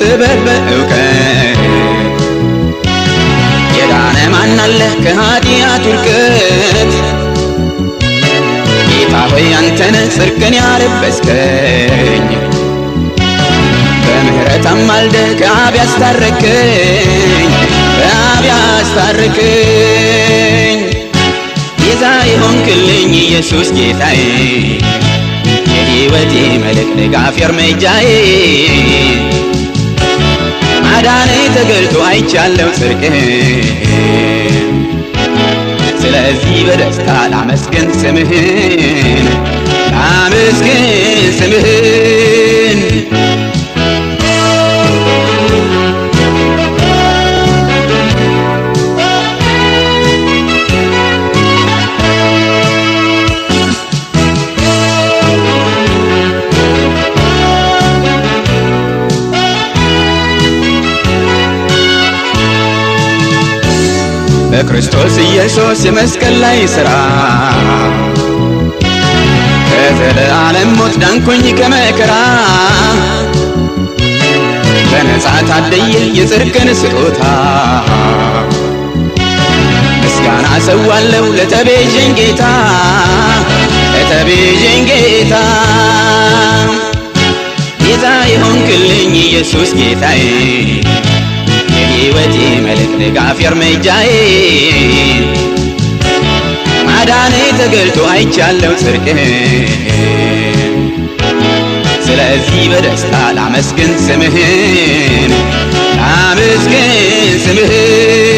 በጥበብ በእውቀት የዳነ ማናለ ከኃጢአት ውድቀት ጌታ ሆይ አንተነ ጽርቅን ያለበስከኝ በምህረት አማልደ ከአብ ያስታረከኝ ከአብ ያስታረከኝ ቤዛ የሆንክልኝ ኢየሱስ ጌታዬ የሕይወቴ መልክ ድጋፍ እርምጃዬ ማዳኔ ተገልጦ አይቻለው ጽድቅህ። ስለዚህ በደስታ ላመስገን ስምህን ላመስገን በክርስቶስ ኢየሱስ የመስቀል ላይ ሥራ ከዘለዓለም ሞት ዳንኩኝ ከመከራ በነጻ ታደየ የጽድቅን ስጦታ ምስጋና ሰዋለው ለተቤዥን ጌታ ለተቤዥን ጌታ ጌታ የሆንክልኝ ኢየሱስ ጌታዬ ሕይወቴ መልክ ድጋፍ እርምጃዬ ማዳኔ ተገልጦ አይቻለው ጽድቅን ስለዚህ በደስታ ላመስግን ስምህን ላመስግን ስምህን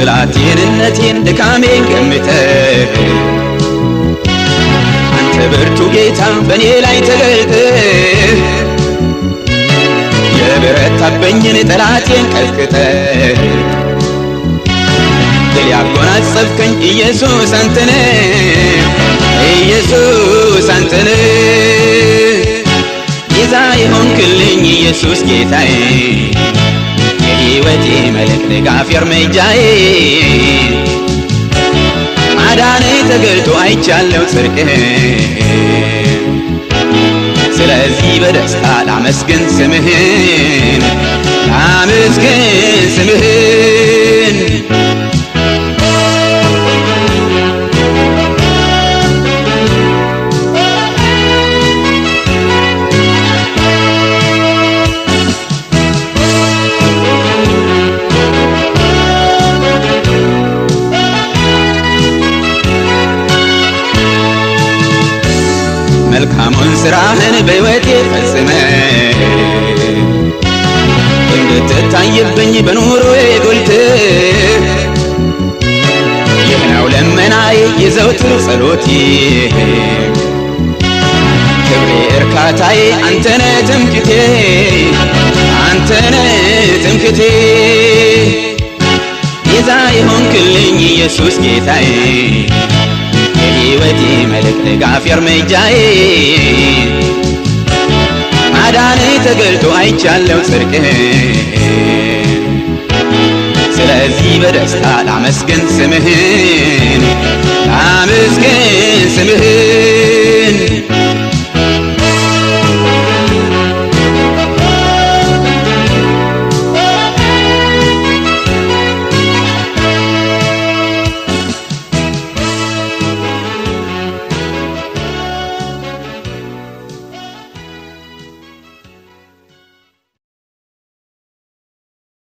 ብላቴንነቴን ድካሜን ገምተህ አንተ ብርቱ ጌታ በእኔ ላይ ተገልጠህ የበረታበኝን ጠላቴን ቀጥቅጠህ ድል ያጎናጸፍከኝ ኢየሱስ አንተነ ኢየሱስ አንተነ ቤዛ የሆንክልኝ ኢየሱስ ጌታዬ ሕይወቴ መልክ ድጋፍ እርምጃዬ ማዳን ተገልጦ አይቻለው ጽድቅ ስለዚህ በደስታ ላመስግን ስምህን ላመስግን ስምህን መልካሙን ስራህን በሕይወቴ ፈጽመ እንድትታየብኝ በኑሮዬ ጎልት ይህነው ለመናዬ የዘውትር ጸሎቴ ክብሬ እርካታዬ አንተነ ትምክቴ አንተነ ትምክቴ ቤዛ የሆንክልኝ ኢየሱስ ጌታዬ ሕይወቴ መልክ ድጋፍ እርምጃዬ አዳን ተገልጦ አይቻለው ጽድቅ ስለዚህ በደስታ ላመስግን ስምህን ላመስግን ስምህን